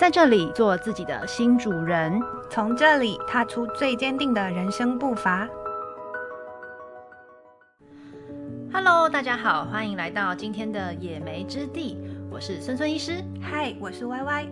在這裡做自己的新主人，從這裡踏出最堅定的人生步伐。Hello，大家好，歡迎來到今天的野莓之地，我是孫孫醫師。嗨，我是 YY。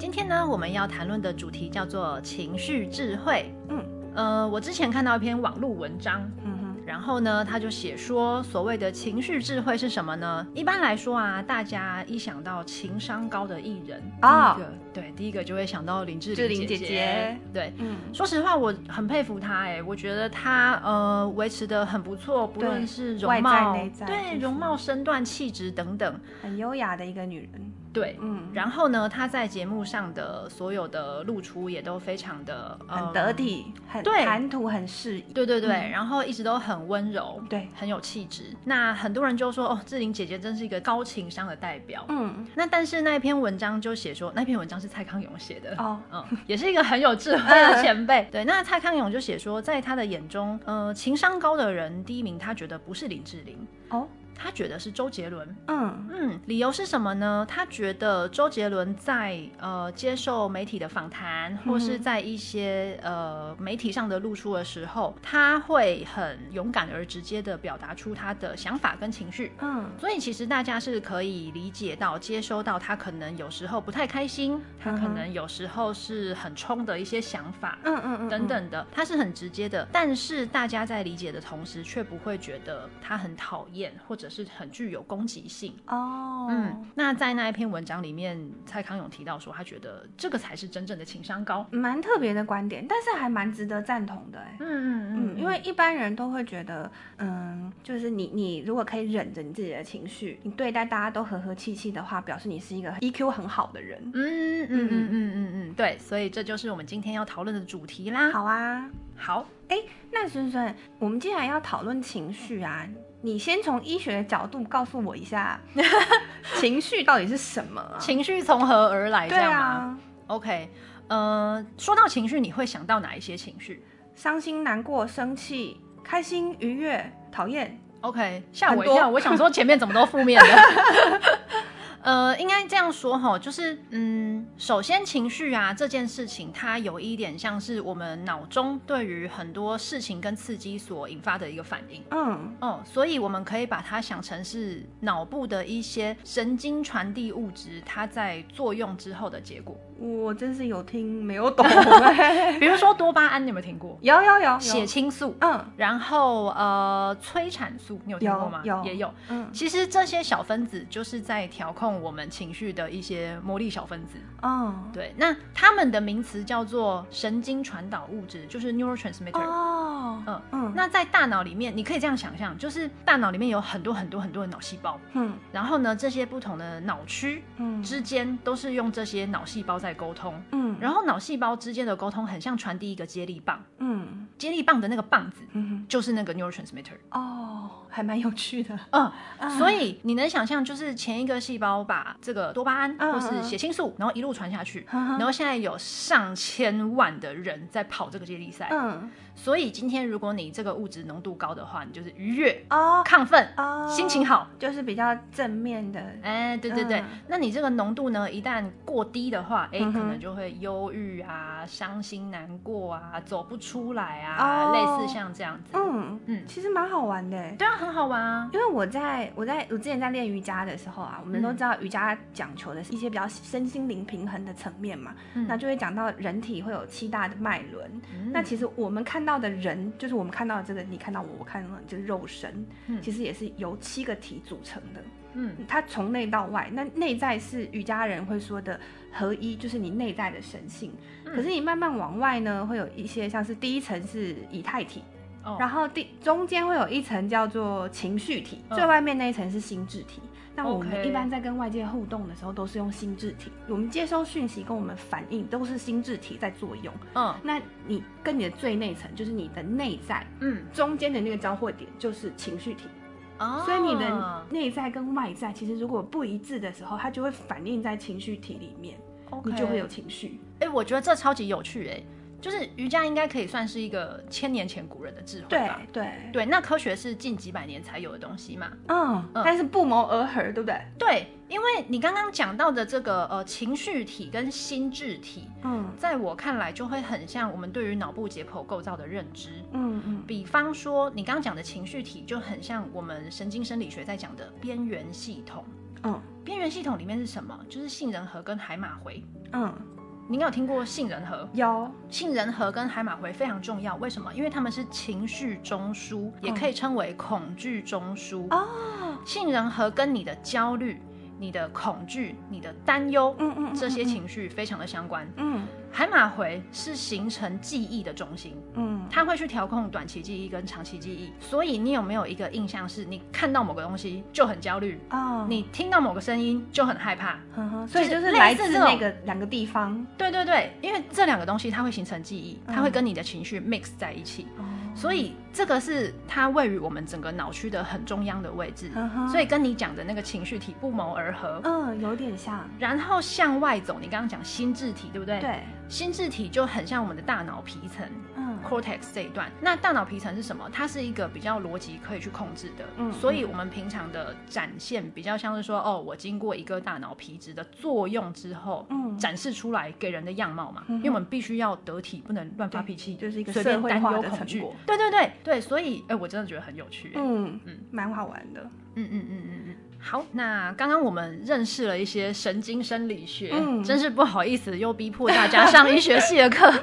今天呢，我們要談論的主題叫做情緒智慧。嗯，呃，我之前看到一篇網絡文章。嗯然後呢，他就寫說，所謂的情緒智慧是什麼呢？一般來說啊，大家一想到情商高的藝人啊、oh.，對，第一個就會想到林志玲姐姐。姐姐對，對、嗯，說實話，我很佩服她、欸，哎，我覺得她呃維持得很不錯，不論是容貌外貌，對，容貌、身段、就是、氣質等等，很優雅的一個女人。對，嗯，然後呢，他在節目上的所有的露出也都非常的很得體，嗯、很對談吐很適宜，對對對、嗯，然後一直都很溫柔，對，很有氣質。那很多人就說哦，志玲姐姐真是一個高情商的代表，嗯。那但是那一篇文章就寫說，那篇文章是蔡康永寫的哦，嗯，也是一個很有智慧的前輩， 對。那蔡康永就寫說，在他的眼中，呃，情商高的人第一名，他覺得不是林志玲哦。他覺得是周杰倫，嗯嗯，理由是什麼呢？他覺得周杰倫在呃接受媒體的訪談，或是在一些呃媒體上的露出的時候，他會很勇敢而直接的表達出他的想法跟情緒，嗯，所以其實大家是可以理解到、接收到他可能有時候不太開心，他可能有時候是很衝的一些想法，嗯嗯，嗯，嗯等等的，他是很直接的，但是大家在理解的同時，卻不會覺得他很討厭或者是。是很具有攻擊性哦，oh, 嗯，那在那一篇文章裡面，蔡康永提到說，他覺得這個才是真正的情商高，蠻特別的觀點，但是還蠻值得贊同的，嗯嗯嗯，因為一般人都會覺得，嗯，就是你你如果可以忍着你自己的情緒，你對待大家都和和氣氣的話，表示你是一個 EQ 很好的人，嗯嗯嗯嗯嗯嗯，對，所以這就是我們今天要討論的主題啦，好啊，好，哎、欸，那孫孫，我們既然要討論情緒啊。你先從醫學的角度告訴我一下， 情緒到底是什麼？情緒從何而來？對啊這樣啊，OK，呃，說到情緒，你會想到哪一些情緒？傷心、難過、生氣、開心、愉悅、討厭。OK，嚇我一下，我想說前面怎麼都負面的。 呃，應該這樣說哈，就是嗯，首先情緒啊，這件事情，它有一點像是我們腦中對於很多事情跟刺激所引發的一個反應，嗯哦，所以我們可以把它想成是腦部的一些神經傳遞物質，它在作用之後的結果。我真是有聽沒有懂， 比如說多巴胺，你有沒有聽過？有有有。血清素，嗯，然後呃催產素，你有聽過嗎？有，有也有，嗯，其實這些小分子就是在調控。我們情緒的一些魔力小分子哦，oh. 對，那他們的名詞叫做神經傳導物質，就是 neurotransmitter。哦、oh. 嗯，嗯嗯，那在大腦裡面，你可以這樣想象，就是大腦裡面有很多很多很多的腦細胞，嗯，然後呢，這些不同的腦區，嗯，之間都是用這些腦細胞在溝通，嗯，然後腦細胞之間的溝通很像傳遞一個接力棒，嗯，接力棒的那個棒子，就是那個 neurotransmitter。哦、oh. 還蠻有趣的、 嗯、所以你能想象，就是前一個細胞把這個多巴胺或是血清素，然後一路傳下去，然後現在有上千萬的人在跑這個接力賽，嗯，所以今天如果你這個物質濃度高的話，你就是愉悅啊、亢奮啊、心情好，就是比較正面的，哎、嗯，對對對、嗯，那你這個濃度呢，一旦過低的話，哎，可能就會憂鬱啊、傷心難過啊、走不出來啊，哦、類似像這樣子，嗯嗯，其實蠻好玩的，對啊。很好玩啊，因為我在我在我之前在練瑜伽的時候啊，我們都知道瑜伽講求的是一些比較身心靈平衡的層面嘛、嗯，那就會講到人體會有七大的脈輪、嗯。那其實我們看到的人，就是我們看到的這個你看到我，我看到就是肉身、嗯，其實也是由七個體組成的。嗯，它從內到外，那內在是瑜伽人會說的合一，就是你內在的神性、嗯。可是你慢慢往外呢，會有一些像是第一層是以太體。Oh. 然後第中間會有一層叫做情緒體，嗯、最外面那一層是心智體。那、okay. 我們一般在跟外界互動的時候，都是用心智體。我們接收訊息跟我們反應都是心智體在作用。嗯，那你跟你的最內層就是你的內在，嗯，中間的那個交匯點就是情緒體。Oh. 所以你的內在跟外在其實如果不一致的時候，它就會反映在情緒體裡面，okay. 你就會有情緒。哎、欸，我覺得這超級有趣哎、欸。就是瑜伽應該可以算是一個千年前古人的智慧吧？對對對，那科學是近幾百年才有的東西嘛。嗯，但是不謀而合，對不對？對，因為你剛剛講到的這個呃情緒體跟心智體，嗯，在我看來就會很像我們對於腦部解剖構造的認知。嗯嗯，比方說你剛剛講的情緒體就很像我們神經生理學在講的邊緣系統。嗯，邊緣系統裡面是什麼？就是杏仁核跟海馬迴。嗯。你有聽過杏仁核？有，杏仁核跟海馬迴非常重要，為什麼？因為它們是情緒中樞、嗯，也可以稱為恐懼中樞哦，杏仁核跟你的焦慮。你的恐懼、你的擔憂，嗯嗯，嗯，嗯嗯，這些情緒非常的相關，嗯。海馬回是形成記憶的中心，嗯，它會去調控短期記憶跟長期記憶。所以你有沒有一個印象是，你看到某個東西就很焦慮，哦，你聽到某個聲音就很害怕。嗯，所以就是類似那個兩個地方。對對對，因為這兩個東西它會形成記憶，它會跟你的情緒 mix 在一起。嗯所以這個是它位於我們整個腦區的很中央的位置，嗯、所以跟你講的那個情緒體不謀而合，嗯，有點像。然後向外走，你剛剛講心智體，對不對？對，心智體就很像我們的大腦皮層。Cortex 這一段，那大腦皮層是什麼？它是一個比較邏輯可以去控制的，嗯，所以我們平常的展現比較像是說，哦，我經過一個大腦皮質的作用之後，嗯，展示出來給人的樣貌嘛，嗯、因為我們必須要得體，不能亂發脾氣，就是一個社會化的成果，對對對對，所以，哎、欸，我真的覺得很有趣，欸，嗯嗯，蠻好玩的，嗯嗯嗯嗯嗯。嗯嗯嗯好，那剛剛我們認識了一些神經生理學，嗯，真是不好意思，又逼迫大家上醫學系的課。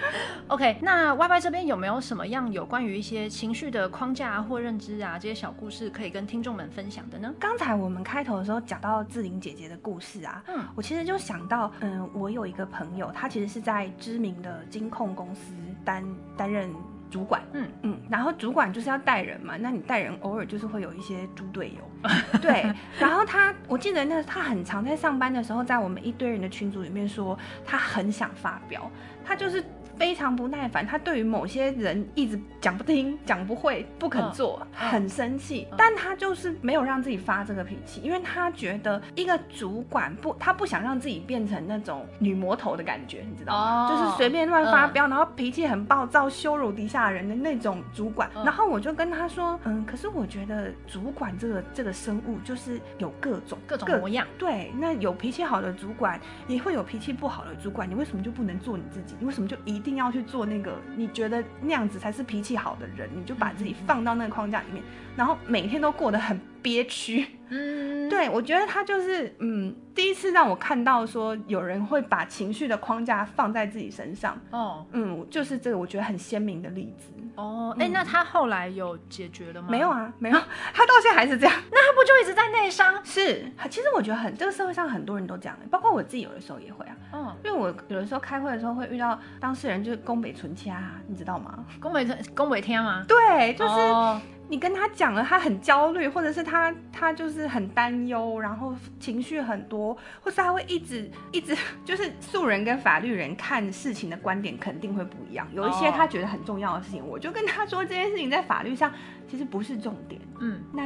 OK，那 YY 這邊有沒有什麼樣有關於一些情緒的框架或認知啊，這些小故事可以跟聽眾們分享的呢？剛才我們開頭的時候講到志玲姐姐的故事啊，嗯，我其實就想到，嗯，我有一個朋友，他其實是在知名的金控公司擔擔任主管，嗯嗯，然後主管就是要帶人嘛，那你帶人偶爾就是會有一些豬隊友， 對。然後他，我記得那他很常在上班的時候，在我們一堆人的群組裡面說他很想發飆，他就是。非常不耐煩，他對於某些人一直講不聽、講不會、不肯做，嗯、很生氣、嗯。但他就是沒有讓自己發這個脾氣，因為他覺得一個主管不，他不想讓自己變成那種女魔頭的感覺，你知道嗎、哦、就是隨便亂發飆、嗯，然後脾氣很暴躁、羞辱底下人的那種主管、嗯。然後我就跟他說，嗯，可是我覺得主管這個這個生物就是有各種各種模樣各。對，那有脾氣好的主管，也會有脾氣不好的主管，你為什麼就不能做你自己？你為什麼就一一定要去做那個，你覺得那樣子才是脾氣好的人，你就把自己放到那個框架裡面，嗯嗯，然後每天都過得很憋屈。嗯，對，我覺得他就是，嗯，第一次讓我看到說有人會把情緒的框架放在自己身上。哦，嗯，就是這個，我覺得很鮮明的例子。哦、oh, 欸，哎、嗯，那他後來有解決了嗎？沒有啊，沒有，他到現在還是這樣。 那他不就一直在內傷？是，其實我覺得很，這個社會上很多人都這樣。包括我自己，有的時候也會啊。嗯，因為我有的時候開會的時候會遇到當事人，就是宮北純家，你知道嗎？宮北純，宮北天嗎？對，就是。Oh. 你跟他講了，他很焦慮，或者是他他就是很擔憂，然後情緒很多，或是他會一直一直就是，素人跟法律人看事情的觀點肯定會不一樣。有一些他覺得很重要的事情，我就跟他說這件事情在法律上其實不是重點。嗯，那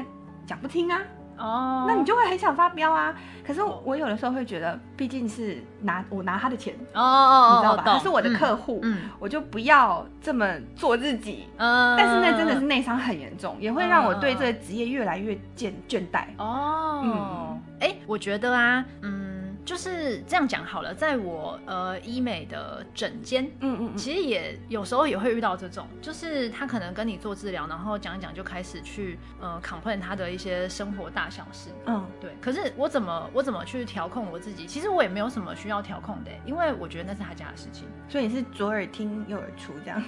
講不聽啊。哦，那你就會很想發飆啊！可是我有的時候會覺得，畢竟是拿我拿他的錢哦，oh, oh, oh, oh, 你知道吧？他是我的客戶，嗯，我就不要這麼做自己。Uh, 但是那真的是內傷很嚴重，也會讓我對這個職業越來越倦倦怠。哦、oh, oh, 嗯，哎、欸，我覺得啊，嗯。就是這樣講好了，在我呃醫美的診間，嗯，嗯嗯，其實也有時候也會遇到這種，就是他可能跟你做治療，然後講一講就開始去呃 complain 他的一些生活大小事，嗯，對。可是我怎麼我怎麼去調控我自己？其實我也沒有什麼需要調控的，因為我覺得那是他家的事情，所以你是左耳聽右耳出這樣。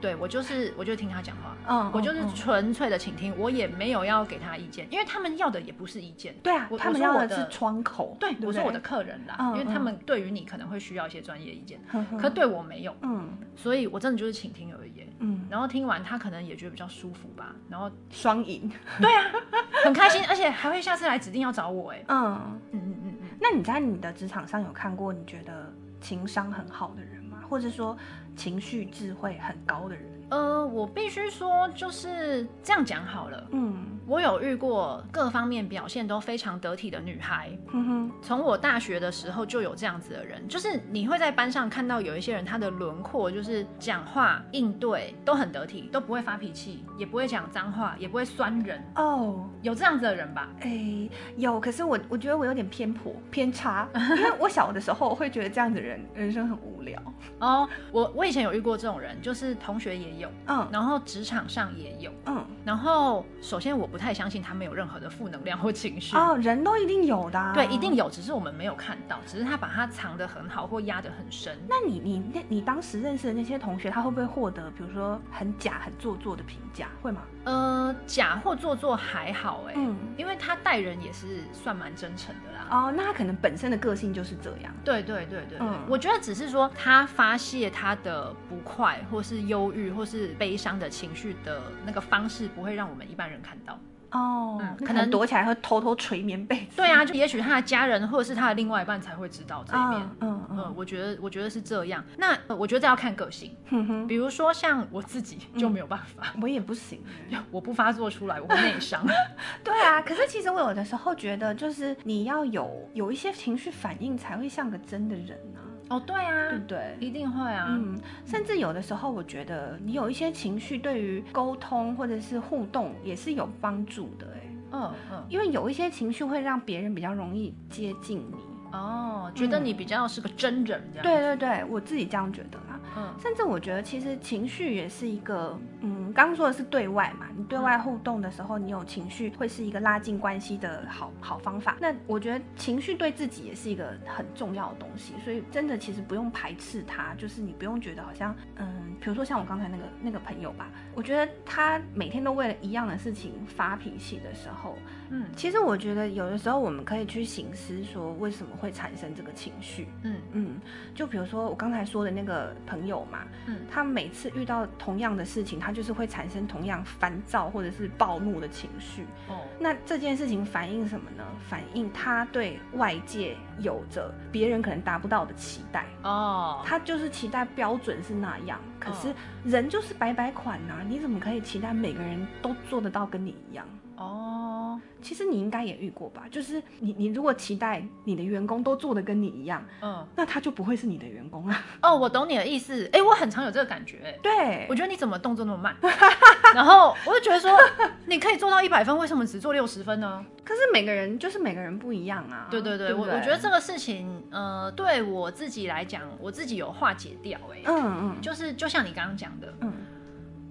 對，我就是，我就聽他講話，嗯，我就是純粹的傾聽，嗯、我也沒有要給他意見、嗯，因為他們要的也不是意見，對啊，他們我我的要的是窗口，對，對，對，我是我的客人啦、嗯，因為他們對於你可能會需要一些專業意見，嗯、可對我沒有，嗯，所以我真的就是傾聽而已，嗯，然後聽完他可能也覺得比較舒服吧，然後雙贏，對啊， 很開心， 而且還會下次來指定要找我，哎，嗯嗯嗯嗯，那你在你的職場上有看過你覺得情商很好的人？或者說，情緒智慧很高的人。呃，我必須說，就是這樣講好了。嗯，我有遇過各方面表現都非常得體的女孩。哼、嗯、哼，從我大學的時候就有這樣子的人，就是你會在班上看到有一些人，他的輪廓就是講話應對都很得體，都不會發脾氣，也不會講髒話，也不會酸人。哦，有這樣子的人吧？哎、欸，有。可是我我覺得我有點偏頗偏差， 因為我小的時候會覺得這樣子的人人生很無聊。哦，我我以前有遇過這種人，就是同學也。有，嗯，然後職場上也有，嗯，然後首先我不太相信他沒有任何的負能量或情緒哦，人都一定有的啊，對，一定有，只是我們沒有看到，只是他把他藏得很好或壓得很深。那你你那你當時認識的那些同學，他會不會獲得比如說很假很做作的評價？會嗎？呃，假或做作還好，哎，嗯，因為他待人也是算蠻真誠的啦。哦，那他可能本身的個性就是這樣。對對對對，對，對，嗯，我覺得只是說他發洩他的不快或是憂鬱或。是悲傷的情緒的那個方式不會讓我們一般人看到哦、嗯，可能躲起來會偷偷捶棉被。對啊，就也許他的家人或者是他的另外一半才會知道這一面。哦、嗯嗯，嗯，嗯，我覺得我覺得是這樣。那我覺得這要看個性，嗯哼。比如說像我自己，嗯、就沒有辦法，我也不行，我不發作出來，我會內傷。 對啊，可是其實我有的時候覺得，就是你要有有一些情緒反應，才會像個真的人呢，啊。哦，對啊，對對，一定會啊。嗯，甚至有的時候，我覺得你有一些情緒，對於溝通或者是互動也是有幫助的，嗯、哦、嗯，因為有一些情緒會讓別人比較容易接近你哦，覺得你比較是個真人這樣、嗯。對對對，我自己這樣覺得啦。嗯，甚至我覺得其實情緒也是一個。嗯，剛剛說的是對外嘛，你對外互動的時候，嗯、你有情緒會是一個拉近關係的好好方法。那我覺得情緒對自己也是一個很重要的東西，所以真的其實不用排斥它，就是你不用覺得好像，嗯，比如說像我剛才那個那個朋友吧，我覺得他每天都為了一樣的事情發脾氣的時候，嗯，其實我覺得有的時候我們可以去省思說，為什麼會產生這個情緒，嗯嗯，就比如說我剛才說的那個朋友嘛，嗯，他每次遇到同樣的事情，他他就是會產生同樣煩躁或者是暴怒的情緒。哦、oh.，那這件事情反映什麼呢？反映他對外界有着別人可能達不到的期待。哦，他就是期待標準是那樣，可是人就是百百款吶、啊，oh. 你怎麼可以期待每個人都做得到跟你一樣？哦，其實你應該也遇過吧？就是你，你如果期待你的員工都做得跟你一樣，嗯，那他就不會是你的員工了。哦，我懂你的意思。哎、欸，我很常有這個感覺、欸。哎，對我覺得你怎麼動作那麼慢？ 然後我就覺得說，你可以做到一百分， 為什麼只做六十分呢？可是每個人就是每個人不一樣啊。對對對，對對，我覺得這個事情，呃，對我自己來講，我自己有化解掉、欸。哎，嗯嗯，就是就像你剛剛講的，嗯。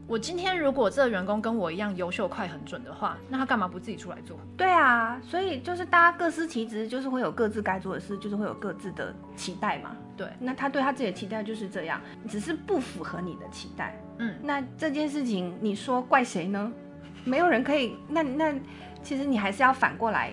我今天如果這個員工跟我一樣優秀、快、很準的話，那他幹嘛不自己出來做？對啊，所以就是大家各司其職，就是會有各自該做的事，就是會有各自的期待嘛。對，那他對他自己的期待就是這樣，只是不符合你的期待。嗯，那這件事情你說怪誰呢？沒有人可以。那那其實你還是要反過來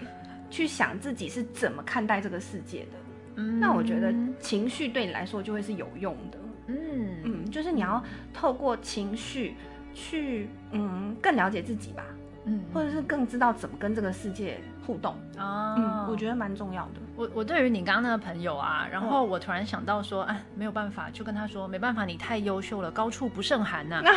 去想自己是怎麼看待這個世界的。嗯，那我覺得情緒對你來說就會是有用的。嗯。就是你要透過情緒去，嗯，更了解自己吧，嗯，或者是更知道怎麼跟這個世界。互動啊、嗯嗯，我覺得蠻重要的。我我對於你剛剛那個朋友啊，然後我突然想到說，啊，沒有辦法，就跟他說，沒辦法，你太優秀了，高處不勝寒吶、啊。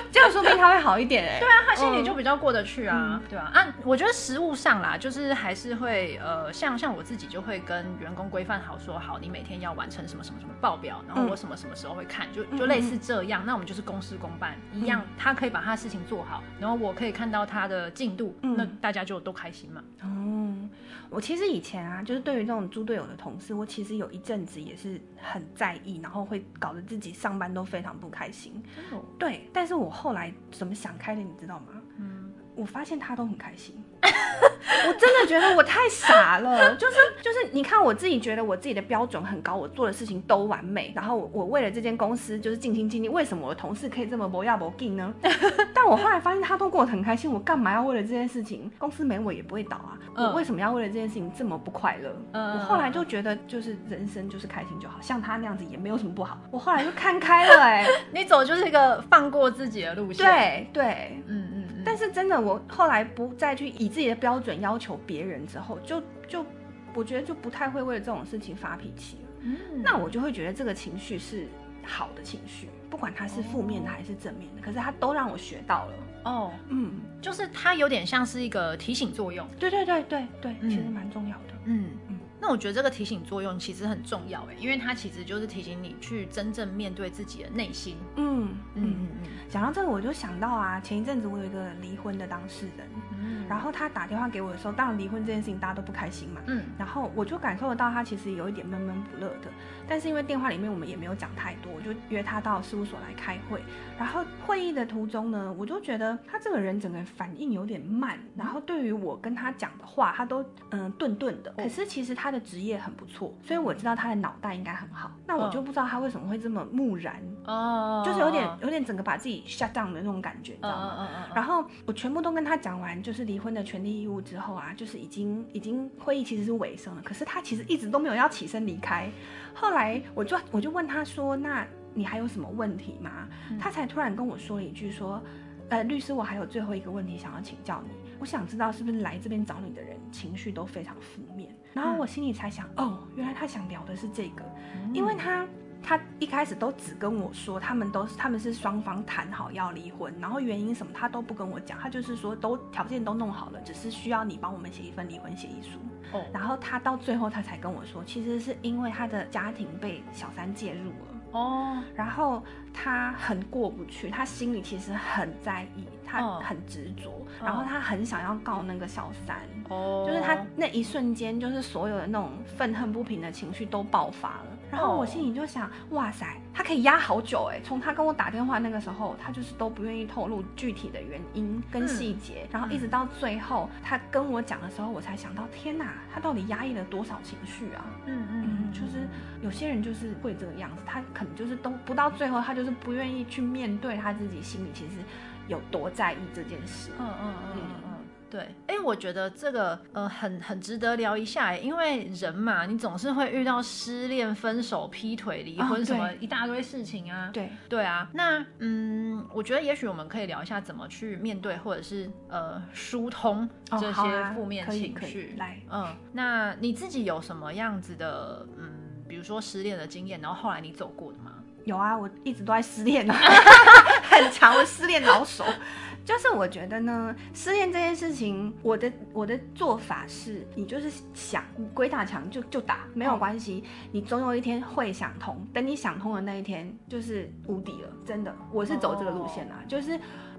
這樣說明他會好一點哎、欸。對啊，他心裡就比較過得去啊。嗯、對啊啊，我覺得實務上啦，就是還是會呃，像像我自己就會跟員工規範好，說好你每天要完成什麼什麼什麼報表，然後我什麼什麼時候會看，就就類似這樣。那我們就是公事公辦一樣，他可以把他的事情做好，然後我可以看到他的進度，那大家就都開心。行、嗯、哦，我其實以前啊，就是對於這種豬隊友的同事，我其實有一陣子也是很在意，然後會搞得自己上班都非常不開心。真的哦？對。但是我後來怎麼想開的，你知道嗎？嗯，我發現他都很開心。 我真的覺得我太傻了，就是就是，你看我自己覺得我自己的標準很高，我做的事情都完美，然後我，我為了這間公司就是盡心盡力，為什麼我的同事可以這麼無要無緊呢？ 但我後來發現他都過得很開心，我幹嘛要為了這件事情？公司沒我也不會倒啊，我為什麼要為了這件事情這麼不快樂？嗯。我後來就覺得就是人生就是開心就好，像他那樣子也沒有什麼不好，我後來就看開了哎、欸， 你走就是一個放過自己的路線，對對，嗯。但是真的，我後來不再去以自己的標準要求別人之後，就就我覺得就不太會為了這種事情發脾氣了。嗯，那我就會覺得這個情緒是好的情緒，不管它是負面的還是正面的，哦、可是它都讓我學到了。哦，嗯，就是它有點像是一個提醒作用。對對對對對、嗯，其實蠻重要的。那我覺得這個提醒作用其實很重要哎、欸，因為它其實就是提醒你去真正面對自己的內心。嗯嗯嗯嗯。講、嗯、到這個，我就想到啊，前一陣子我有一個離婚的當事人、嗯，然後他打電話給我的時候，當然離婚這件事情大家都不開心嘛。嗯。然後我就感受得到他其實有一點悶悶不樂的。但是因為電話裡面我們也沒有講太多，我就約他到事務所來開會。然後會議的途中呢，我就覺得他這個人整個反應有點慢，然後對於我跟他講的話，他都嗯、呃、頓頓的。可是其實他的職業很不錯，所以我知道他的腦袋應該很好。那我就不知道他為什麼會這麼木然哦，oh. 就是有點有點整個把自己嚇 h 的那種感覺，你知道嗎？Oh. 然後我全部都跟他講完，就是離婚的權利義務之後啊，就是已經已經會議其實是尾聲了，可是他其實一直都沒有要起身離開。後來我就我就問他說：“那你還有什麼問題嗎、嗯？”他才突然跟我說了一句說：“呃，律師，我還有最後一個問題想要請教你。我想知道是不是來這邊找你的人情緒都非常負面。”然後我心裡才想、嗯：“哦，原來他想聊的是這個，嗯、因為他。”他一開始都只跟我說，他們都是他們是雙方談好要離婚，然後原因什麼他都不跟我講，他就是說都條件都弄好了，只是需要你幫我們寫一份離婚協議書。哦、oh.。然後他到最後他才跟我說，其實是因為他的家庭被小三介入了。哦、oh.。然後他很過不去，他心裡其實很在意，他很執着，oh. 然後他很想要告那個小三。哦、oh.。就是他那一瞬間，就是所有的那種憤恨不平的情緒都爆發了。然後我心裡就想，Oh. 哇塞，他可以壓好久哎、欸！從他跟我打電話那個時候，他就是都不願意透露具體的原因跟細節，嗯、然後一直到最後、嗯、他跟我講的時候，我才想到，天哪，他到底壓抑了多少情緒啊！嗯嗯，嗯，就是有些人就是會這樣子，他可能就是都不到最後，他就是不願意去面對他自己心裡其實有多在意這件事。嗯嗯嗯。嗯對，哎、欸，我覺得這個呃，很很值得聊一下，因為人嘛，你總是會遇到失戀、分手、劈腿、離婚什麼一大堆事情啊。哦、對對，對啊，那嗯，我覺得也許我們可以聊一下怎麼去面對，或者是呃，疏通這些負面情緒、哦啊嗯、來。嗯，那你自己有什麼樣子的嗯，比如說失戀的經驗，然後後來你走過的嗎？有啊，我一直都在失戀啊， 很長的失戀老手。 就是我覺得呢，失戀這件事情，我的我的做法是，你就是想鬼打牆就就打，沒有關係，嗯、你總有一天會想通。等你想通的那一天，就是無敵了，真的。我是走這個路線啊，哦、就是，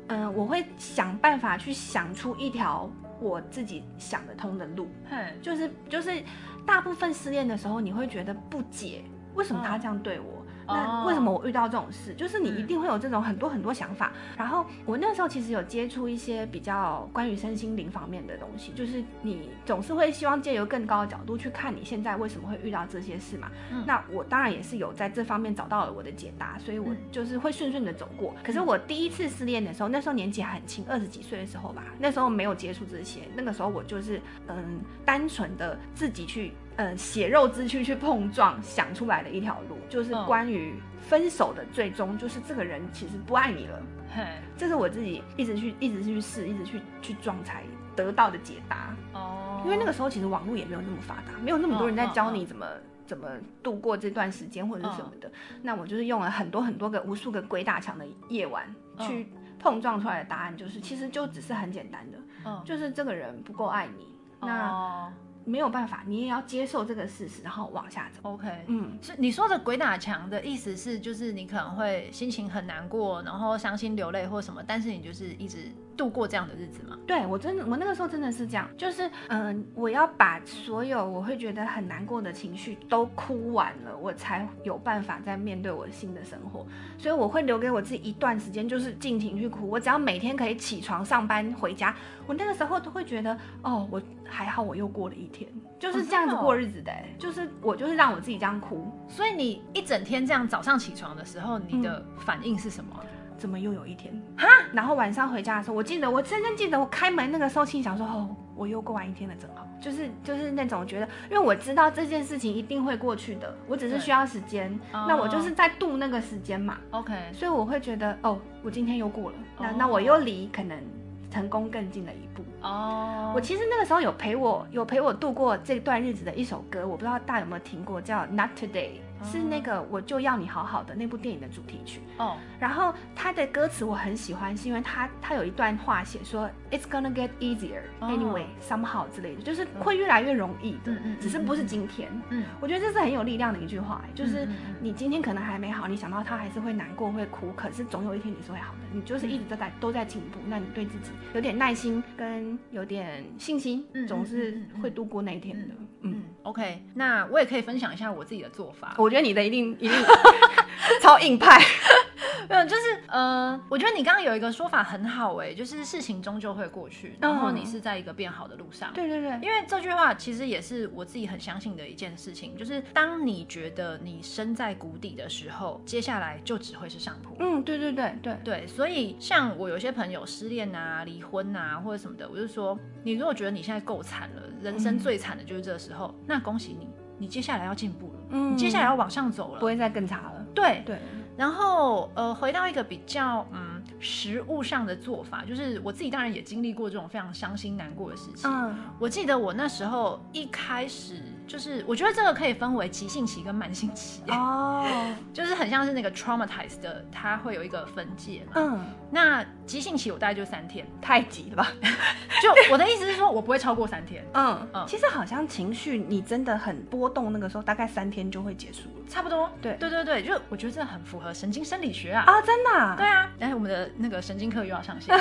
嗯、呃，我會想辦法去想出一條我自己想得通的路。就、嗯、是就是，就是、大部分失戀的時候，你會覺得不解，為什麼他這樣對我？嗯那為什麼我遇到這種事，oh. 就是你一定會有這種很多很多想法。嗯、然後我那時候其實有接觸一些比較關於身心靈方面的東西，就是你總是會希望借由更高的角度去看你現在為什麼會遇到這些事嘛、嗯。那我當然也是有在這方面找到了我的解答，所以我就是會順順的走過、嗯。可是我第一次失戀的時候，那時候年紀還很輕，二十幾歲的時候吧，那時候沒有接觸這些，那個時候我就是嗯，單純的自己去。呃、嗯，血肉之軀去碰撞想出來的一條路，就是關於分手的最終，就是這個人其實不愛你了。嘿。這是我自己一直去、一直去試、一直去去撞才得到的解答。哦，因為那個時候其實網絡也沒有那麼發達，沒有那麼多人在教你怎麼、哦哦、怎麼度過這段時間或者是什麼的、哦。那我就是用了很多很多個、無數個鬼打牆的夜晚去碰撞出來的答案，就是其實就只是很簡單的，哦、就是這個人不夠愛你。那。哦沒有辦法，你也要接受這個事實，然後往下走。OK，嗯，是你說的“鬼打牆”的意思是，就是你可能會心情很難過，然後傷心流淚或什麼，但是你就是一直。度過這樣的日子嗎？對，我真的，我那個時候真的是這樣，就是嗯、呃，我要把所有我會覺得很難過的情緒都哭完了，我才有辦法再面對我的新的生活。所以我會留給我自己一段時間，就是盡情去哭。我只要每天可以起床上班回家，我那個時候都會覺得哦，我還好，我又過了一天，就是這樣子過日子的欸。哦，真的哦？就是我就是讓我自己這樣哭。所以你一整天這樣早上起床的時候，你的反應是什麼？嗯怎麼又有一天哈，然後晚上回家的時候，我記得，我真正記得，我開門那個時候心想說：“哦，我又過完一天了，正好。”就是就是那種覺得，因爲我知道這件事情一定會過去的，我只是需要時間。那我就是在度那個時間嘛。OK，所以我會覺得，哦，我今天又過了，okay. 那那我又離可能成功更近了一步。哦，我其實那個時候有陪我有陪我度過這段日子的一首歌，我不知道大家有沒有聽過，叫《Not Today》。是那個，我就要你好好的那部電影的主題曲哦。Oh. 然後他的歌詞我很喜歡，是因為他他有一段話寫說，It's gonna get easier anyway,、Oh. somehow 之類的，就是會越來越容易的。嗯、只是不是今天嗯。嗯。我覺得這是很有力量的一句話，就是你今天可能還沒好，你想到他還是會難過會哭，可是總有一天你是會好的。你就是一直都在、嗯、都在進步，那你對自己有點耐心跟有點信心，嗯、總是會度過那一天的。嗯嗯嗯嗯嗯 OK，那我也可以分享一下我自己的做法。我覺得你的一定一定。 超硬派，沒有，就是呃，我覺得你剛剛有一個說法很好哎、欸，就是事情終究會過去，然後你是在一個變好的路上、哦。對對對，因為這句話其實也是我自己很相信的一件事情，就是當你覺得你身在谷底的時候，接下來就只會是上坡。嗯，對對對對對，所以像我有些朋友失戀啊、離婚啊或者什麼的，我就說你如果覺得你現在夠慘了，人生最慘的就是這個時候、嗯，那恭喜你，你接下來要進步了，嗯，你接下來要往上走了，不會再更差了。對對，然後呃，回到一個比較嗯，實務上的做法，就是我自己當然也經歷過這種非常傷心難過的事情。嗯，我記得我那時候一開始。就是我覺得這個可以分為急性期跟慢性期哦、oh, 就是很像是那個 traumatized 的，它會有一個分界嘛。嗯，那急性期我大概就三天，太急了吧？ 就我的意思是說，我不會超過三天。嗯嗯，其實好像情緒你真的很波動，那個時候大概三天就會結束了，差不多。對對對對，就我覺得這個很符合神經生理學啊啊，oh, 真的、啊。對啊，是、欸、我們的那個神經課又要上線。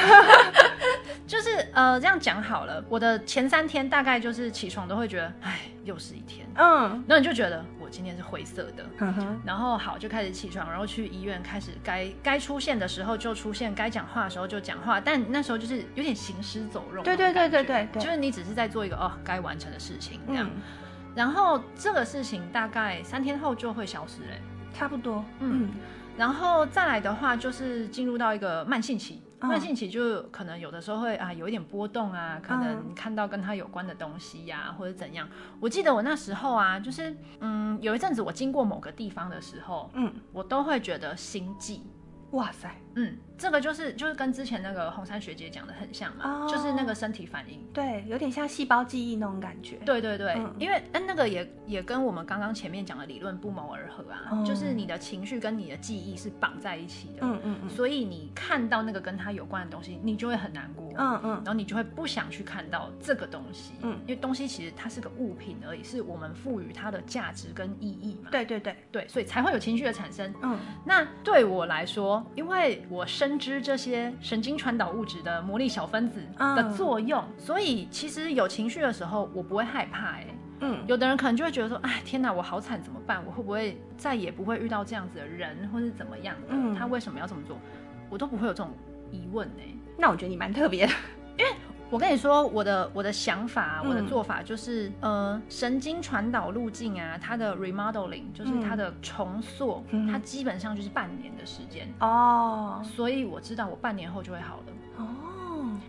就是呃，這樣講好了。我的前三天大概就是起床都會覺得，哎，又是一天，嗯。那你就覺得我今天是灰色的，嗯，然後好，就開始起床，然後去醫院開始該該出現的時候就出現，該講話的時候就講話。但那時候就是有點行屍走肉，對，對對對對對，就是你只是在做一個哦該完成的事情這樣，嗯。然後這個事情大概三天後就會消失嘞、欸，差不多，嗯。嗯然後再來的話，就是進入到一個慢性期。哦，慢性期就可能有的時候會啊、呃、有一點波動啊，可能看到跟他有關的東西呀、啊嗯，或者怎樣。我記得我那時候啊，就是嗯，有一陣子我經過某個地方的時候，嗯，我都會覺得心悸。哇塞！嗯，這個就是就是跟之前那個紅杉學姐講的很像嘛，oh, 就是那個身體反應，對，有點像細胞記憶那種感覺。對對對，嗯、因為那那個也也跟我們剛剛前面講的理論不謀而合啊、嗯，就是你的情緒跟你的記憶是綁在一起的，嗯嗯，嗯所以你看到那個跟他有關的東西，你就會很難過，嗯嗯，然後你就會不想去看到這個東西，嗯，因為東西其實它是個物品而已，是我們賦予它的價值跟意義嘛，對對對對，所以才會有情緒的產生。嗯，那對我來說，因為我深知這些神經傳導物質的魔力小分子的作用，嗯、所以其實有情緒的時候，我不會害怕、欸。誒，嗯，有的人可能就會覺得說，哎，天哪，我好慘，怎麼辦？我會不會再也不會遇到這樣子的人，或是怎麼樣？嗯，他為什麼要這麼做？我都不會有這種疑問、欸。誒，那我覺得你蠻特別的。我跟你說，我的我的想法，我的做法就是、嗯，呃，神經傳導路徑啊，它的 remodeling 就是它的重塑，嗯、它基本上就是半年的時間哦、嗯，所以我知道我半年後就會好了哦。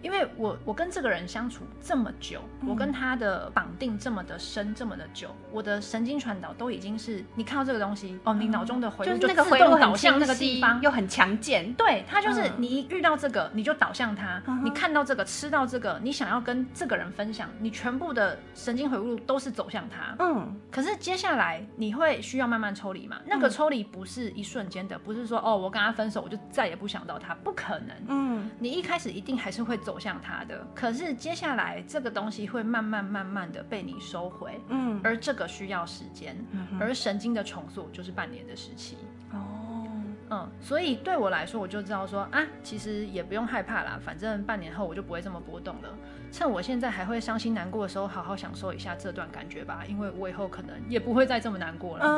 因為我我跟這個人相處這麼久，嗯、我跟他的綁定這麼的深、嗯，這麼的久，我的神經傳導都已經是你看到這個東西哦，嗯、你腦中的回路就自動導向那個地方，就是那個回路導向那個地方又很強健。對，他就是你一遇到這個，嗯、你就導向他、嗯，你看到這個，吃到這個，你想要跟這個人分享，你全部的神經回路都是走向他。嗯，可是接下來你會需要慢慢抽離嘛、嗯？那個抽離不是一瞬間的，不是說哦，我跟他分手，我就再也不想到他，不可能。嗯，你一開始一定還是會走。走向他的，可是接下來這個東西會慢慢慢慢的被你收回，嗯，而這個需要時間、嗯，而神經的重塑就是半年的時期，哦，嗯，所以對我來說，我就知道說啊，其實也不用害怕啦，反正半年後我就不會這麼波動了。趁我現在還會傷心難過的時候，好好享受一下這段感覺吧，因為我以後可能也不會再這麼難過了。嗯、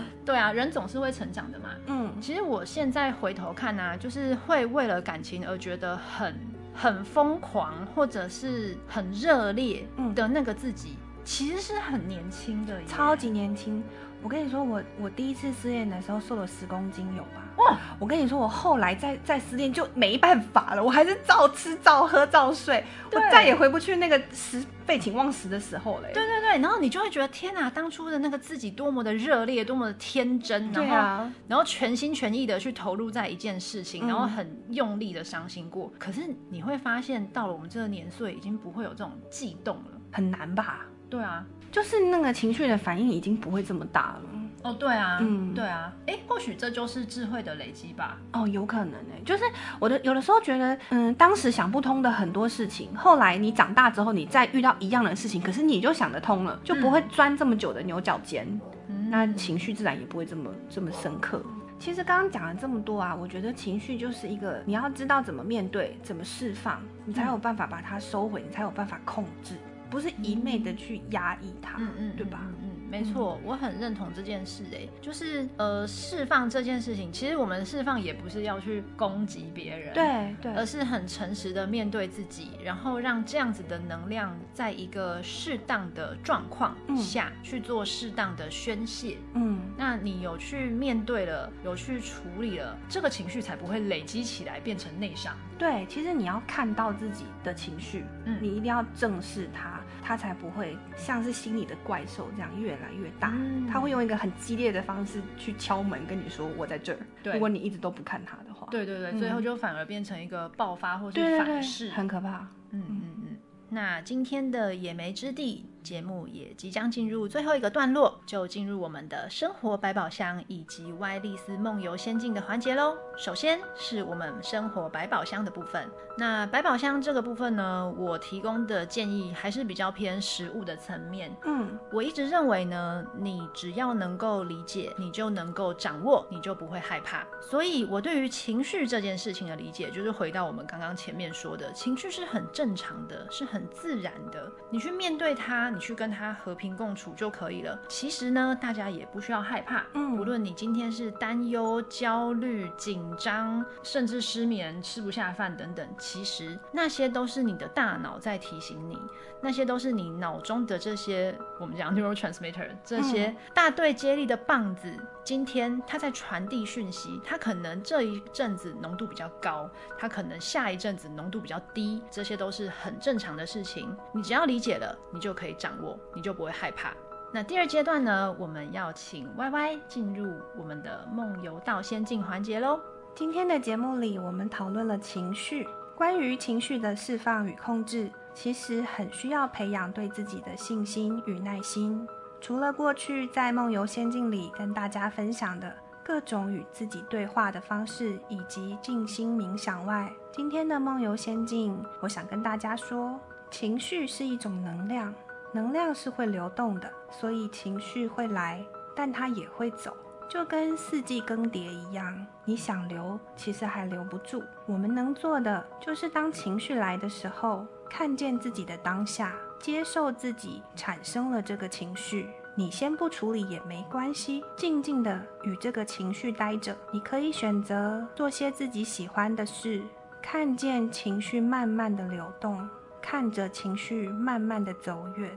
哦，對啊，人總是會成長的嘛，嗯，其實我現在回頭看啊，就是會為了感情而覺得很。很瘋狂或者是很熱烈的，那個自己、嗯、其實是很年輕的，超級年輕。我跟你說，我我第一次失戀的時候瘦了十公斤有吧、啊？哦、我跟你說，我後來再再失戀就沒辦法了，我還是照吃照喝照睡，我再也回不去那個時廢寢忘食的時候了。對對對，然後你就會覺得天哪，當初的那個自己多麼的熱烈，多麼的天真，然後對啊、然後全心全意的去投入在一件事情、嗯，然後很用力的傷心過。可是你會發現，到了我們這個年歲，已經不會有這種悸動了，很難吧？對啊，就是那個情緒的反應已經不會這麼大了。哦，對啊，嗯，對啊，哎，或許這就是智慧的累積吧。哦，有可能呢。就是我的有的時候覺得，嗯，當時想不通的很多事情，後來你長大之後，你再遇到一樣的事情，可是你就想得通了，就不會鑽這麼久的牛角尖，嗯，那情緒自然也不會這麼這麼深刻。嗯。其實剛剛講了這麼多啊，我覺得情緒就是一個，你要知道怎麼面對，怎麼釋放，你才有辦法把它收回，嗯，你才有辦法控制。不是一味的去壓抑他，嗯嗯，對吧？嗯，嗯嗯沒錯、嗯，我很認同這件事、欸。哎，就是呃，釋放這件事情，其實我們釋放也不是要去攻擊別人，對對，而是很誠實的面對自己，然後讓這樣子的能量在一個適當的狀況下、嗯、去做適當的宣洩。嗯，那你有去面對了，有去處理了，這個情緒才不會累積起來變成內傷。對，其實你要看到自己的情緒，嗯，你一定要正視它。他才不會像是心裡的怪獸這樣越來越大，嗯，他會用一個很激烈的方式去敲門，跟你說我在這兒。如果你一直都不看他的話，對對對，最，嗯、後就反而變成一個爆發或是反噬，對對對，很可怕。嗯嗯嗯。那今天的野莓之地，節目也即將進入最後一個段落，就進入我們的生活百寶箱以及歪麗絲夢遊仙境的環節嘍。首先是我們生活百寶箱的部分。那百寶箱這個部分呢，我提供的建議還是比較偏實務的層面。嗯，我一直認為呢，你只要能夠理解，你就能夠掌握，你就不會害怕。所以，我對於情緒這件事情的理解，就是回到我們剛剛前面說的情緒是很正常的，是很自然的，你去面對它。你去跟他和平共處就可以了。其實呢，大家也不需要害怕。嗯，無論你今天是擔憂、焦慮、緊張、甚至失眠、吃不下飯等等，其實那些都是你的大腦在提醒你，那些都是你腦中的這些我們講 neurotransmitter 這些大隊接力的棒子。今天它在傳遞訊息，它可能這一陣子濃度比較高，它可能下一陣子濃度比較低，這些都是很正常的事情。你只要理解了，你就可以，掌握，你就不會害怕。那第二階段呢？我們要請 YY 進入我們的夢遊到仙境環節嘍。今天的節目裡，我們討論了情緒，關於情緒的釋放與控制，其實很需要培養對自己的信心與耐心。除了過去在夢遊仙境裡跟大家分享的各種與自己對話的方式，以及靜心冥想外，今天的夢遊仙境，我想跟大家說，情緒是一種能量。能量是會流動的，所以情緒會來，但它也會走，就跟四季更迭一樣。你想留，其實還留不住。我們能做的，就是當情緒來的時候，看見自己的當下，接受自己產生了這個情緒。你先不處理也沒關係，靜靜地與這個情緒待着。你可以選擇做些自己喜歡的事，看見情緒慢慢地流動。看着情緒慢慢的走遠，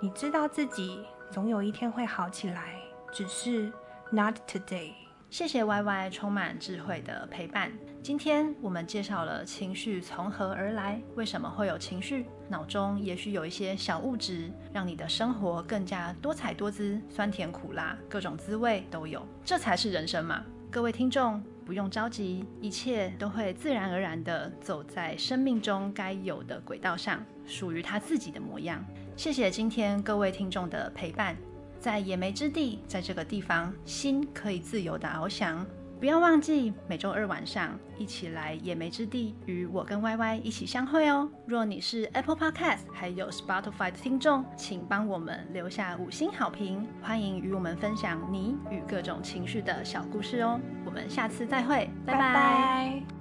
你知道自己總有一天會好起來，只是 not today。謝謝 YY 充滿智慧的陪伴。今天我們介紹了情緒從何而來，為什麼會有情緒？腦中也許有一些小物質，讓你的生活更加多彩多姿，酸甜苦辣各種滋味都有，這才是人生嘛！各位聽眾。不用着急，一切都會自然而然地走在生命中該有的軌道上，屬於他自己的模樣。謝謝今天各位聽眾的陪伴，在野莓之地，在這個地方，心可以自由地翱翔。不要忘記每周二晚上一起來野莓之地，與我跟 YY 一起相會哦。若你是 Apple Podcast 還有 Spotify 的聽眾，請幫我們留下五星好評。歡迎與我們分享你與各種情緒的小故事哦。我們下次再會，拜拜。